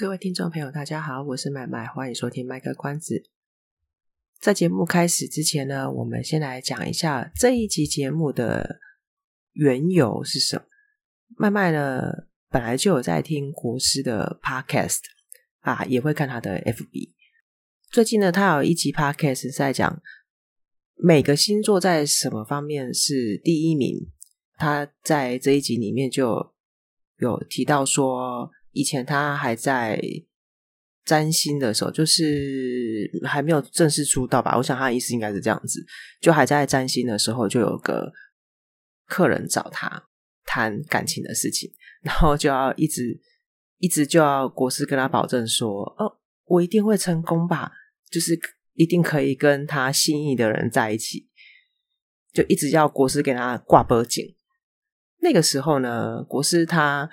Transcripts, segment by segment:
各位聽眾朋友，大家好，我是麥麥，歡迎收聽《賣個關子》。在節目開始之前呢，我們先來講一下這一集節目的緣由是什麼？麥麥呢，本來就有在聽國師的 podcast 啊，也會看他的 FB。最近呢，他有一集 podcast 在講每個星座在什麼方面是第一名。他在這一集裡面就有提到說，以前他還在占星的時候，就是還沒有正式出道吧。我想他的意思應該是這樣子，就還在占星的時候，就有個客人找他談感情的事情，然後就要一直一直就要國師跟他保證說：“哦，我一定會成功吧，就是一定可以跟他心儀的人在一起。”就一直要國師給他掛保證。那個時候呢，國師他。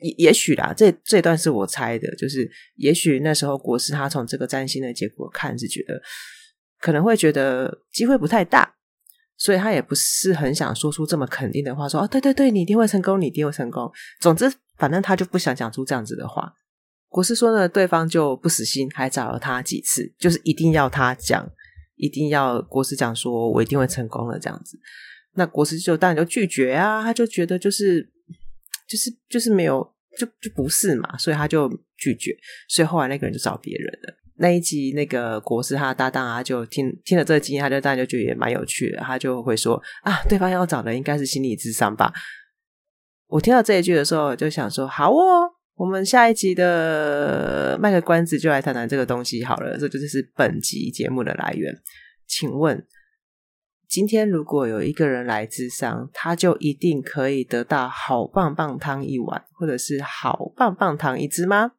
也許啦，這這段是我猜的，就是也許那時候國師他從這個占星的結果看，是覺得可能會覺得機會不太大，所以他也不是很想說出這麼肯定的話，說，說哦，對對對，你一定會成功，你一定會成功。總之，反正他就不想講出這樣子的話。國師說呢，對方就不死心，還找了他幾次，就是一定要他講，一定要國師講，說我一定會成功了這樣子。那國師就當然就拒絕啊，他就覺得就是。就是就是沒有就就不是嘛，所以他就拒絕，所以後來那個人就找別人了。那一集那個國師他的搭檔啊，就聽聽了這個經驗，他就當然就覺得蠻有趣的，他就會說啊，對方要找的應該是心理諮商吧。我聽到這一句的時候，就想說好哦，我們下一集的賣個關子，就來談談這個東西好了。這就是本集節目的來源。請問？今天如果有一個人來諮商，他就一定可以得到好棒棒湯一碗，或者是好棒棒糖一支嗎？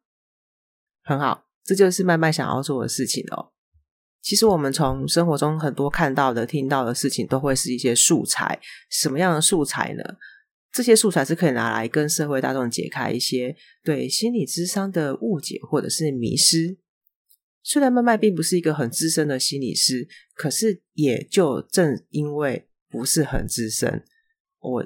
很好，這就是麥麥想要做的事情哦。其實我們從生活中很多看到的、聽到的事情，都會是一些素材。什麼樣的素材呢？這些素材是可以拿來跟社會大眾解開一些對心理諮商的誤解或者是迷思。雖然麥麥並不是一個很資深的心理師，可是也就正因為不是很資深，我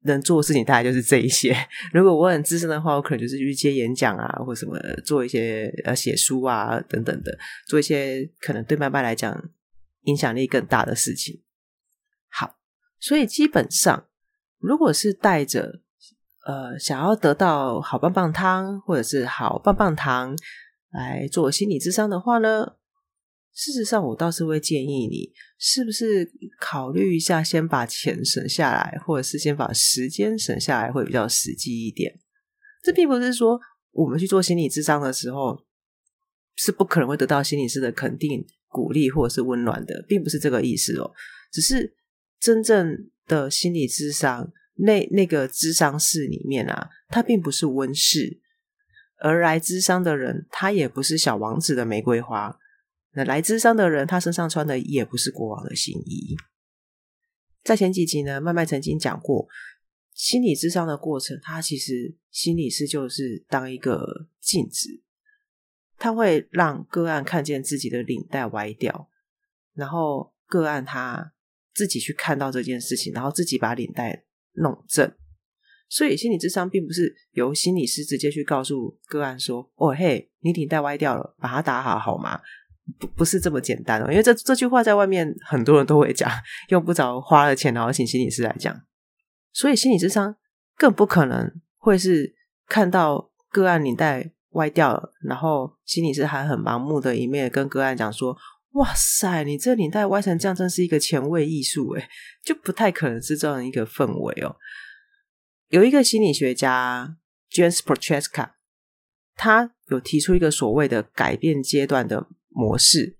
能做事情大概就是這一些。如果我很資深的話，我可能就是去接演講啊，或什麼做一些呃寫書啊等等的，做一些可能對麥麥來講影響力更大的事情。好，所以基本上，如果是帶着呃想要得到好棒棒湯或者是好棒棒糖。來做心理諮商的話呢，事實上我倒是會建議你，是不是考慮一下先把錢省下來，或者是先把時間省下來，會比較實際一點。這並不是說我們去做心理諮商的時候是不可能會得到心理師的肯定、鼓勵或者是溫暖的，並不是這個意思哦。只是真正的心理諮商那那個諮商室裡面啊，它並不是溫室。而來諮商的人，他也不是小王子的玫瑰花。那來諮商的人，他身上穿的也不是國王的新衣。在前幾集呢，麥麥曾經講過，心理諮商的過程，他其實心理師就是當一個鏡子，他會讓個案看見自己的領帶歪掉，然後個案他自己去看到這件事情，然後自己把領帶弄正。所以心理諮商並不是由心理師直接去告訴個案說：“哦嘿，你領帶歪掉了，把它打好好嗎？”不，不是這麼簡單哦。因為這這句話在外面很多人都會講，用不着花了錢然後請心理師來講。所以心理諮商更不可能會是看到個案領帶歪掉了，然後心理師還很盲目的一面跟個案講說：“哇塞，你這領帶歪成這樣，真是一個前衛藝術哎！”就不太可能是這樣的一個氛圍哦。有一個心理學家 James Prochaska，他有提出一個所謂的改變階段的模式。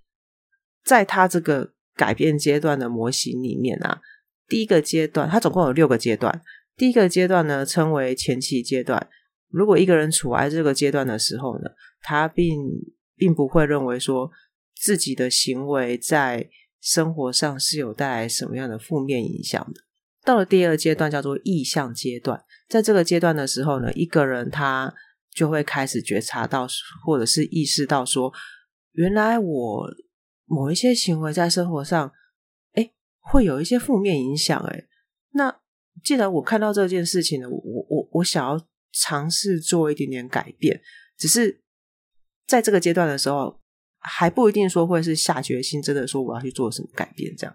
在他這個改變階段的模型裡面啊，第一個階段，他總共有六個階段。第一個階段呢，稱為前期階段。如果一個人處在這個階段的時候呢，他并並不會認為說自己的行為在生活上是有帶來什麼樣的負面影響的。到了第二階段，叫做意向階段。在這個階段的時候呢，一個人他就會開始覺察到，或者是意識到說，原來我某一些行為在生活上，哎，會有一些負面影響。哎，那既然我看到這件事情呢，我我我想要嘗試做一點點改變。只是在這個階段的時候，還不一定說會是下決心，真的說我要去做什麼改變，這樣。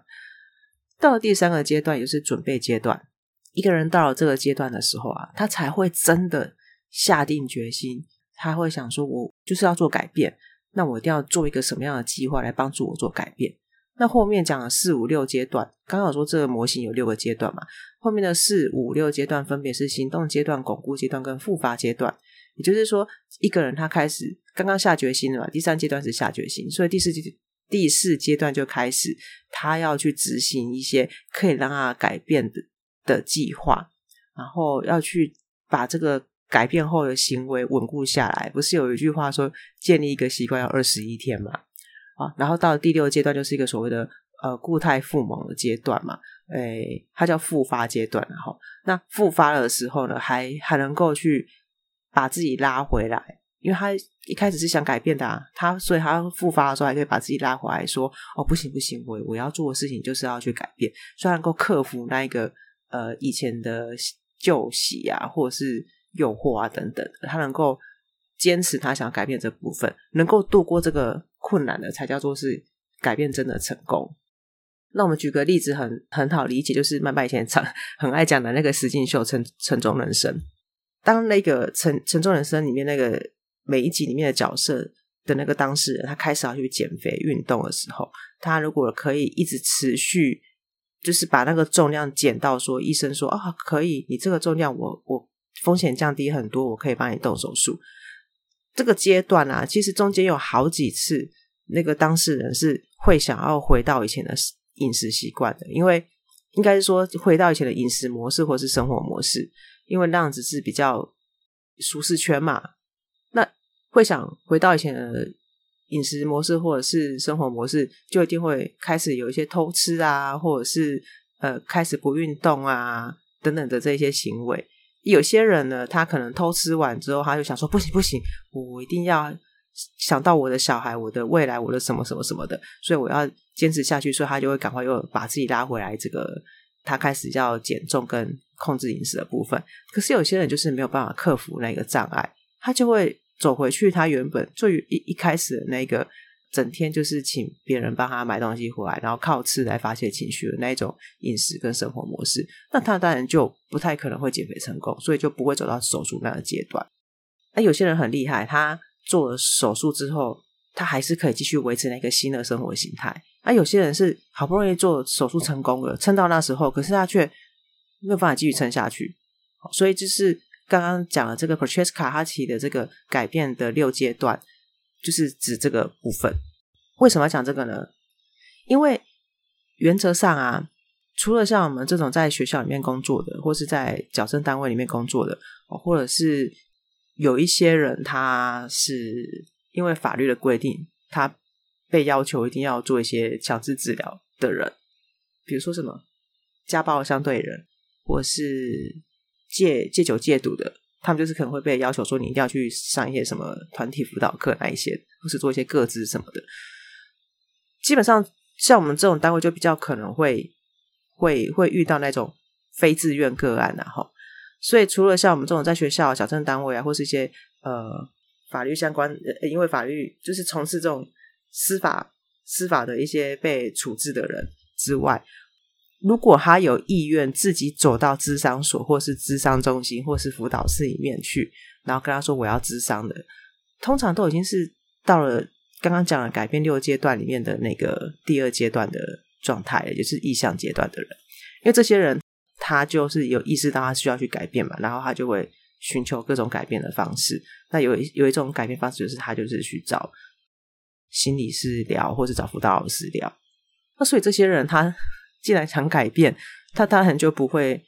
到了第三個階段，也就是準備階段，一個人到了這個階段的時候啊，他才會真的下定決心。他會想說：“我就是要做改變，那我一定要做一個什麼樣的計劃來幫助我做改變。”那後面講了四五六階段，剛剛說這個模型有六個階段嘛？後面的四五六階段分別是行動階段、鞏固階段跟復發階段。也就是說，一個人他開始剛剛下決心了嘛，第三階段是下決心，所以第四階。第四階段就開始，他要去執行一些可以讓他改變的的計劃，然後要去把這個改變後的行為穩固下來。不是有一句話說，建立一個習慣要二十一天嘛？啊，然後到第六階段就是一個所謂的呃故態復萌的階段嘛，哎，它叫復發階段。然後，那復發的時候呢，還還能夠去把自己拉回來。因為他一開始是想改變的啊，他所以他復發的時候還可以把自己拉回來說，說哦不行不行，我我要做的事情就是要去改變，雖然能夠克服那一個呃以前的舊習啊，或者是誘惑啊等等，他能夠堅持他想要改變這部分，能夠度過這個困難的，才叫做是改變真的成功。那我們舉個例子很，很很好理解，就是麥麥以前很很愛講的那個石進秀《沉沉重人生》，當那個《沉沉重人生》裡面那個。每一集裡面的角色的那個當事人，他開始要去減肥運動的時候，他如果可以一直持續，就是把那個重量減到說醫生說啊可以，你這個重量我我風險降低很多，我可以幫你動手術。這個階段啊，其實中間有好幾次，那個當事人是會想要回到以前的飲食習慣的，因為應該是說回到以前的飲食模式或是生活模式，因為那樣子是比較舒適圈嘛。會想回到以前的飲食模式，或者是生活模式，就一定會開始有一些偷吃啊，或者是呃開始不運動啊等等的這些行為。有些人呢，他可能偷吃完之後，他就想說：“不行不行，我一定要想到我的小孩、我的未來、我的什麼什麼什麼的，所以我要堅持下去。”所以，他就會趕快又把自己拉回來。這個他開始要減重跟控制飲食的部分。可是，有些人就是沒有辦法克服那個障礙，他就會。走回去，他原本最一一開始的那個整天就是請別人幫他買東西回來，然後靠吃來發洩情緒的那一種飲食跟生活模式，那他當然就不太可能會減肥成功，所以就不會走到手術那個的階段、哎。有些人很厲害，他做了手術之後，他還是可以繼續維持那個新的生活的形態、哎。有些人是好不容易做手術成功了，撐到那時候，可是他卻沒有辦法繼續撐下去，所以就是。剛剛講了這個 p r o c h a s 卡哈奇的這個改變的六階段，就是指這個部分。為什麼要講這個呢？因為原則上啊，除了像我們這種在學校裡面工作的，或是在矯正單位裡面工作的，哦、或者是有一些人，他是因為法律的規定，他被要求一定要做一些強制治療的人，比如說什麼家暴相對人，或是。戒戒酒、戒毒的，他們就是可能會被要求說，你一定要去上一些什麼團體輔導課，那一些或是做一些個資什麼的。基本上，像我們這種單位，就比較可能會會會遇到那種非自願個案、啊，然後，所以除了像我們這種在學校、小鎮單位啊，或是一些呃法律相關、呃，因為法律就是從事這種司法司法的一些被處置的人之外。如果他有意願自己走到諮商所，或是諮商中心，或是輔導室裡面去，然後跟他說我要諮商的，通常都已經是到了剛剛講的改變六階段裡面的那個第二階段的狀態，也就是意向階段的人。因為這些人他就是有意識到他需要去改變嘛，然後他就會尋求各種改變的方式。那有一有一種改變方式就是他就是去找心理師聊，或是找輔導老師聊。那所以這些人他。既然想改變，他當然就不會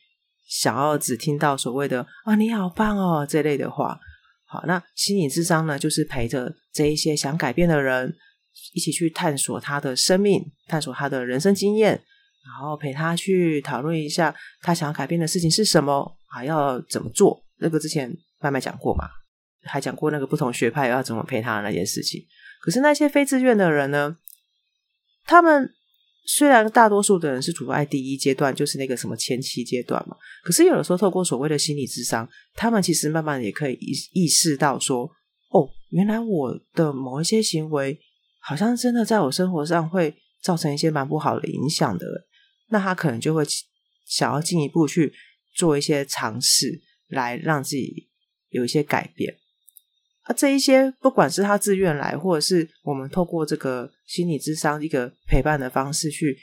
想要只聽到所謂的“啊你好棒哦”這類的話。好，那心理諮商呢，就是陪着這一些想改變的人一起去探索他的生命，探索他的人生經驗，然後陪他去討論一下他想要改變的事情是什麼，還、啊、要怎麼做。那個之前麥麥講過嘛，還講過那個不同學派要怎麼陪他那件事情。可是那些非自願的人呢，他們。雖然大多數的人是處在第一階段，就是那個什麼前期階段嘛，可是有的時候透過所謂的心理諮商，他們其實慢慢也可以意意識到說，哦，原來我的某一些行為，好像真的在我生活上會造成一些蠻不好的影響的人，那他可能就會想要進一步去做一些嘗試，來讓自己有一些改變。啊，這一些不管是他自願來，或者是我們透過這個心理諮商一個陪伴的方式去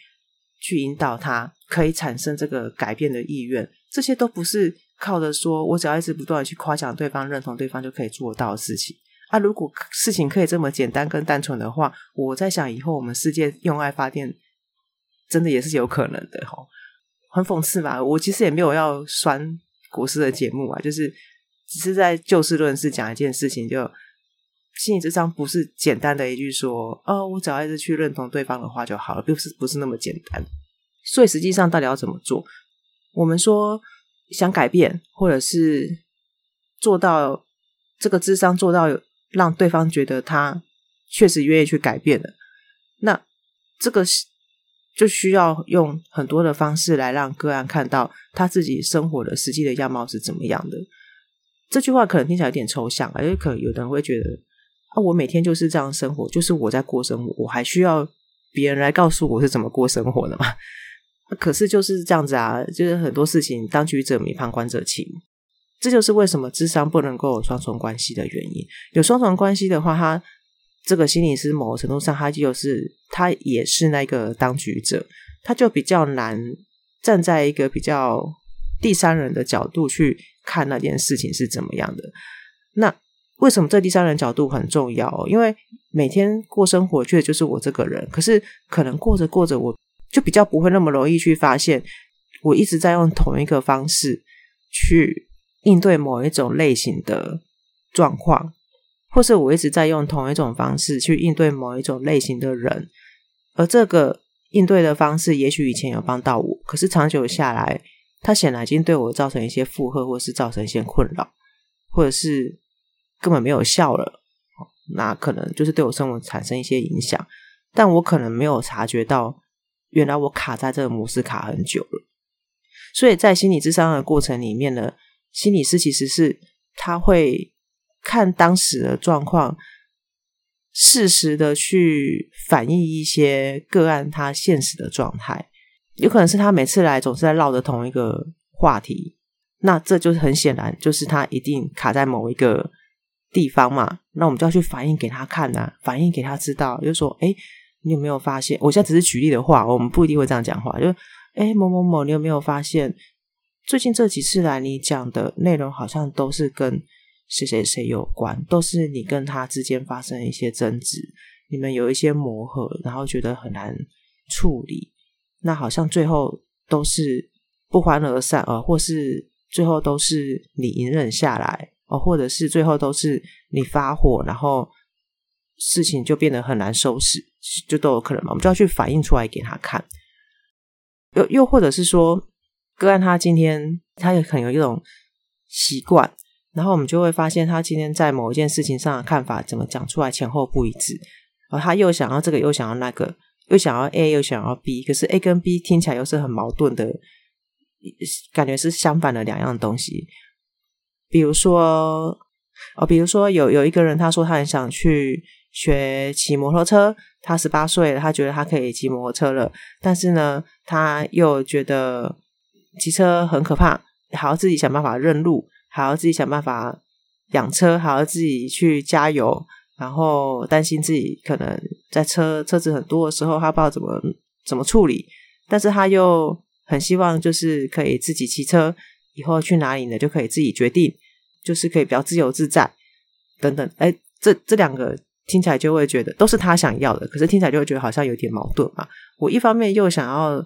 去引導他，可以產生這個改變的意願，這些都不是靠着說我只要一直不斷的去誇獎對方、認同對方就可以做到的事情。啊，如果事情可以這麼簡單跟單純的話，我在想以後我們世界用愛發電，真的也是有可能的吼，很諷刺嘛，我其實也沒有要酸國師的節目啊，就是。只是在就事論事講一件事情就，就心理諮商不是簡單的一句說，哦，我只要一直去認同對方的話就好了，不是不是那麼簡單。所以實際上到底要怎麼做？我們說想改變，或者是做到這個諮商，做到讓對方覺得他確實願意去改變的，那這個就需要用很多的方式來讓個案看到他自己生活的實際的樣貌是怎麼樣的。這句話可能聽起來有點抽象，而且可能有的人會覺得啊，我每天就是這樣生活，就是我在過生活，我還需要別人來告訴我是怎麼過生活的嗎？啊，可是就是這樣子啊，就是很多事情當局者迷，旁觀者清，這就是為什麼諮商不能夠有雙重關係的原因。有雙重關係的話，他這個心理師某程度上，他就是他也是那個當局者，他就比較難站在一個比較。第三人的角度去看那件事情是怎麼樣的？那為什麼這第三人角度很重要？因為每天過生活，確實就是我這個人。可是可能過着過着，我就比較不會那麼容易去發現，我一直在用同一個方式去應對某一種類型的狀況，或是我一直在用同一種方式去應對某一種類型的人。而這個應對的方式，也許以前有幫到我，可是長久下來，他顯然已經對我造成一些負荷，或是造成一些困擾，或者是根本沒有效了，那可能就是對我生活產生一些影響，但我可能沒有察覺到，原來我卡在這個模式卡很久了。所以在心理諮商的過程裡面呢，心理師其實是他會看當時的狀況，適時的去反映一些個案他現實的狀態。有可能是他每次來總是在繞着同一個話題，那這就是很顯然，就是他一定卡在某一個地方嘛。那我們就要去反映給他看吶、啊，反映給他知道，就是說：“哎，你有沒有發現？我現在只是舉例的話，我們不一定會這樣講話，就是哎，某某某，你有沒有發現最近這幾次來你講的內容好像都是跟誰誰誰有關，都是你跟他之間發生一些爭執，你們有一些磨合，然後覺得很難處理。”那好像最後都是不歡而散啊、呃，或是最後都是你隱忍下來哦、呃，或者是最後都是你發火，然後事情就變得很難收拾，就都有可能嘛。我們就要去反映出來給他看。又又或者是說，個案他今天他也很有一種習慣，然後我們就會發現他今天在某一件事情上的看法怎麼講出來前後不一致，而他又想要這個，又想要那個。又想要 A 又想要 B，可是 A 跟 B 聽起來又是很矛盾的，感覺是相反的兩樣東西。比如說，哦，比如說有有一個人，他說他很想去學騎摩托車，他十八歲了，他覺得他可以騎摩托車了，但是呢，他又覺得騎車很可怕，還要自己想辦法認路，還要自己想辦法養車，還要自己去加油。然後擔心自己可能在車車子很多的時候，他不知道怎麼怎麼處理。但是他又很希望，就是可以自己騎車，以後去哪裡呢，就可以自己決定，就是可以比較自由自在等等。哎，這這兩個聽起來就會覺得都是他想要的，可是聽起來就會覺得好像有點矛盾嘛。我一方面又想要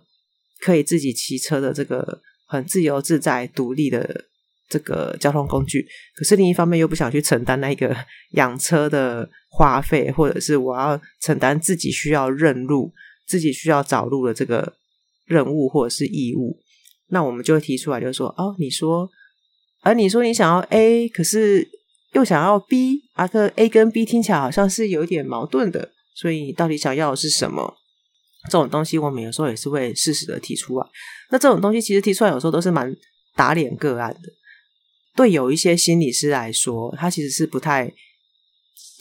可以自己騎車的這個很自由自在、獨立的。這個交通工具，可是另一方面又不想去承擔那個養車的花費，或者是我要承擔自己需要認路、自己需要找路的這個任務或者是義務，那我們就會提出來，就說，哦，你說，而、呃、你說你想要 A，可是又想要 B，啊，這 A 跟 B 聽起來好像是有點矛盾的，所以你到底想要的是什麼？這種東西我們有時候也是會適時的提出來，那這種東西其實提出來有時候都是蠻打臉個案的。對有一些心理師來說，他其實是不太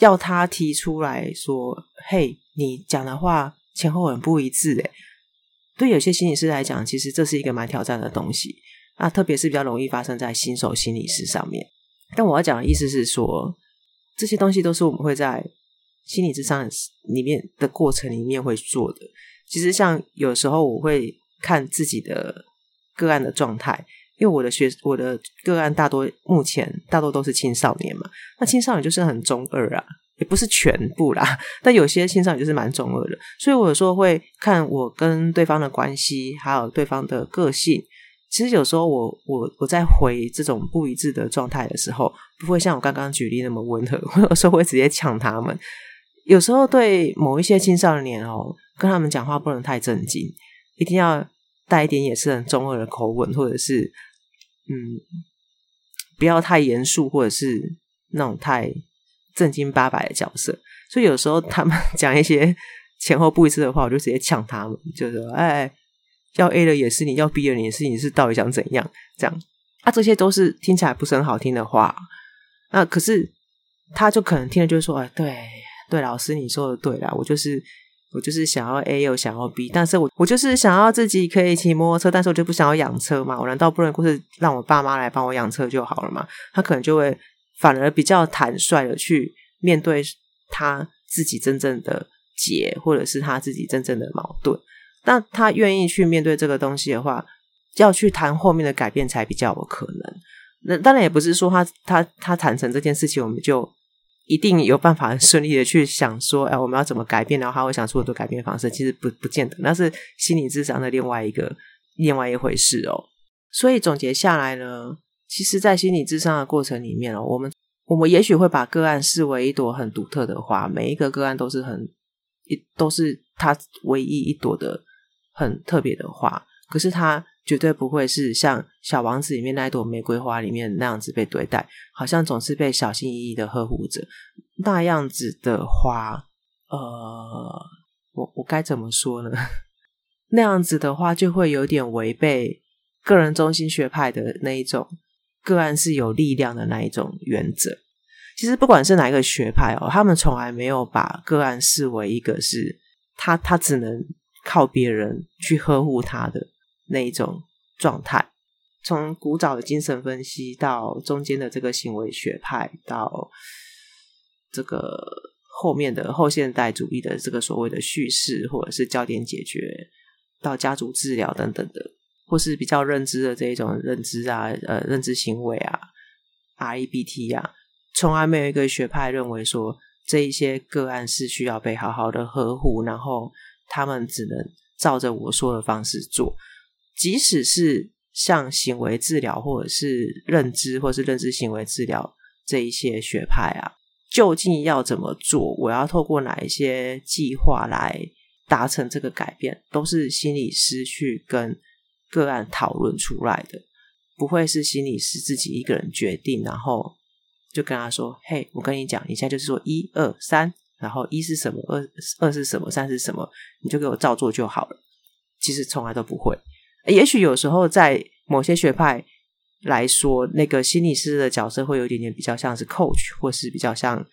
要他提出來說：“嘿，你講的話前後很不一致。”哎，對有些心理師來講，其實這是一個蠻挑戰的東西啊，那特別是比較容易發生在新手心理師上面。但我要講的意思是說，這些東西都是我們會在心理諮商裡面的過程裡面會做的。其實，像有時候我會看自己的個案的狀態。因為我的學我的個案大多目前大多都是青少年嘛，那青少年就是很中二啊，也不是全部啦，但有些青少年就是蠻中二的，所以我有時候會看我跟對方的關係，還有對方的個性。其實有時候我我我在回這種不一致的狀態的時候，不會像我剛剛舉例那麼溫和，我有時候會直接嗆他們。有時候對某一些青少年哦，跟他們講話不能太正經，一定要。帶一點也是很中二的口吻，或者是嗯，不要太嚴肅，或者是那種太正經八百的角色。所以有時候他們講一些前後不一致的話，我就直接嗆他們，就是說哎，要 A 的也是你，要 B 的也是你，你是到底想怎樣？這樣啊，這些都是聽起來不是很好聽的話。那可是他就可能聽了就說，哎，對，對，老師你說的對啦，我就是。我就是想要 A 又想要 B，但是我我就是想要自己可以騎摩托車，但是我就不想要養車嘛。我難道不能夠是讓我爸媽來幫我養車就好了嘛？他可能就會反而比較坦率的去面對他自己真正的解，或者是他自己真正的矛盾。但他願意去面對這個東西的話，要去談後面的改變才比較有可能。那當然也不是說他他他坦誠這件事情，我們就。一定有辦法順利的去想說，哎、欸，我們要怎麼改變？然後他會想出很多改變的方式。其實不不見得，那是心理諮商的另外一個另外一回事哦。所以總結下來呢，其實，在心理諮商的過程裡面哦，我們我們也許會把個案視為一朵很獨特的花，每一個個案都是很一都是他唯一一朵的很特別的花。可是他絕對不會是像《小王子》裡面那一朵玫瑰花裡面那樣子被對待，好像總是被小心翼翼的呵護着。那樣子的話，呃，我我該怎麼說呢？ 那樣子的話，就會有點違背個人中心學派的那一種個案是有力量的那一種原則。其實不管是哪一個學派哦，他們從來沒有把個案視為一個是他他只能靠別人去呵護他的。那一種狀態，從古早的精神分析到中間的這個行為學派，到這個後面的後現代主義的這個所謂的敘事，或者是焦點解決，到家族治療等等的，或是比較認知的這一種認知啊，呃，認知行為啊，REBT 啊，從來沒有一個學派認為說這一些個案是需要被好好的呵護，然後他們只能照着我說的方式做。即使是像行為治療，或者是認知，或者是認知行為治療這一些學派啊，究竟要怎麼做？我要透過哪一些計劃來達成這個改變？都是心理師去跟個案討論出來的，不會是心理師自己一個人決定，然後就跟他說：“嘿，我跟你講，你現在就是說一二三，然後一是什麼，二二是什麼，三是什麼，你就給我照做就好了。”其實從來都不會。也許有時候在某些學派來說，那個心理師的角色會有一點點比較像是 coach，或是比較像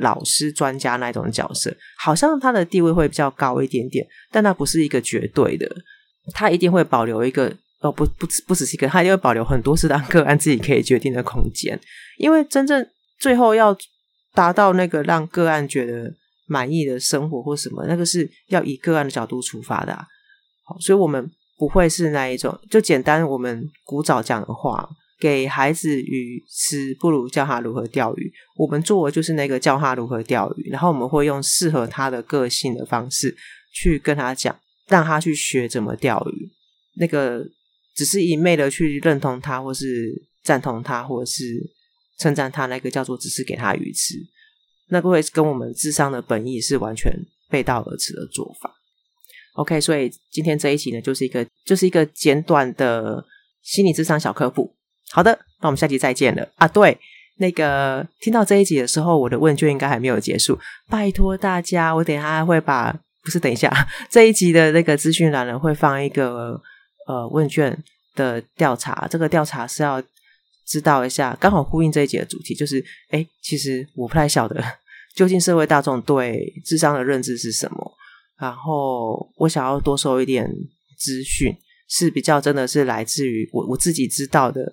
老師、專家那種角色，好像他的地位會比較高一點點。但那不是一個絕對的，他一定會保留一個哦不不不，不不只是一個，他一定會保留很多是讓個案自己可以決定的空間。因為真正最後要達到那個讓個案覺得滿意的生活或什麼，那個是要以個案的角度出發的啊。好，所以我們。不會是那一種，就簡單我們古早講的話，給孩子魚吃，不如教他如何釣魚。我們做的就是那個教他如何釣魚，然後我們會用適合他的個性的方式去跟他講，讓他去學怎麼釣魚。那個只是一味的去認同他，或是贊同他，或者是稱讚他，那個叫做只是給他魚吃，那個會跟我們諮商的本意是完全背道而馳的做法。OK，所以今天這一集呢，就是一個就是一個簡短的心理諮商小科普。好的，那我們下期再見了啊！對，那個聽到這一集的時候，我的問卷應該還沒有結束。拜托大家，我等一下會把不是等一下這一集的那個資訊欄呢會放一個呃問卷的調查，這個調查是要知道一下，剛好呼應這一集的主題，就是哎、欸，其實我不太曉得究竟社會大眾對諮商的認知是什麼。然後我想要多收一點資訊，是比較真的是來自於我我自己知道的，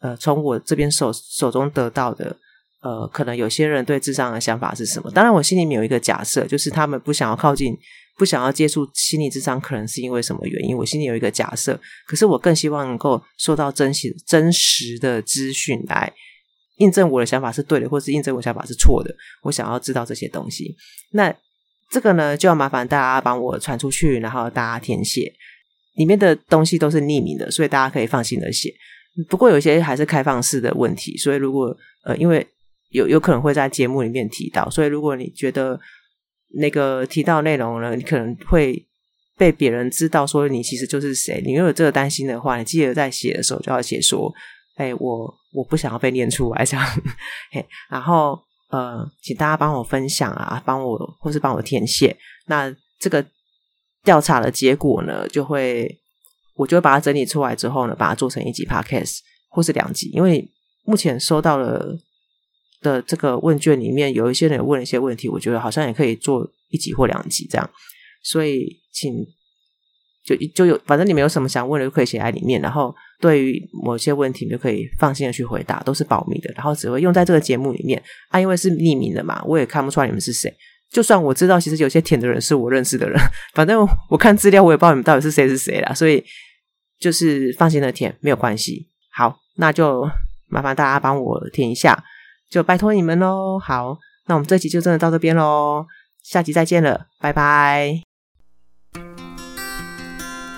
呃，從我這邊手手中得到的，呃，可能有些人對諮商的想法是什麼？當然，我心裡面有一個假設，就是他們不想要靠近，不想要接觸心理諮商，可能是因為什麼原因？我心裡有一個假設，可是我更希望能夠收到真實真實的資訊來印證我的想法是對的，或是印證我的想法是錯的。我想要知道這些東西。那。這個呢，就要麻煩大家幫我傳出去，然後大家填寫。裡面的東西都是匿名的，所以大家可以放心的寫。不過有些還是開放式的問題，所以如果呃，因為有有可能會在節目裡面提到，所以如果你覺得那個提到內容呢，你可能會被別人知道說你其實就是誰，你如果有這個擔心的話，你記得在寫的時候就要寫說，哎，我我不想要被念出來，這樣。嘿，然後。呃，請大家幫我分享啊，幫我，或是幫我填寫。那這個調查的結果呢，就會我就會把它整理出來之後呢，把它做成一集 podcast 或是兩集。因為目前收到了的這個問卷裡面，有一些人問了一些問題，我覺得好像也可以做一集或兩集這樣。所以請，請就就有，反正你們有什麼想問的，就可以寫在裡面，然後。對於某些問題，你就可以放心的去回答，都是保密的，然後只會用在這個節目裡面。啊，因為是匿名的嘛，我也看不出來你們是誰。就算我知道，其實有些填的人是我認識的人，反正我，我看資料，我也不知道你們到底是誰是誰了。所以就是放心的填，沒有關係。好，那就麻煩大家幫我填一下，就拜託你們嘍。好，那我們這集就真的到這邊嘍，下集再見了，拜拜。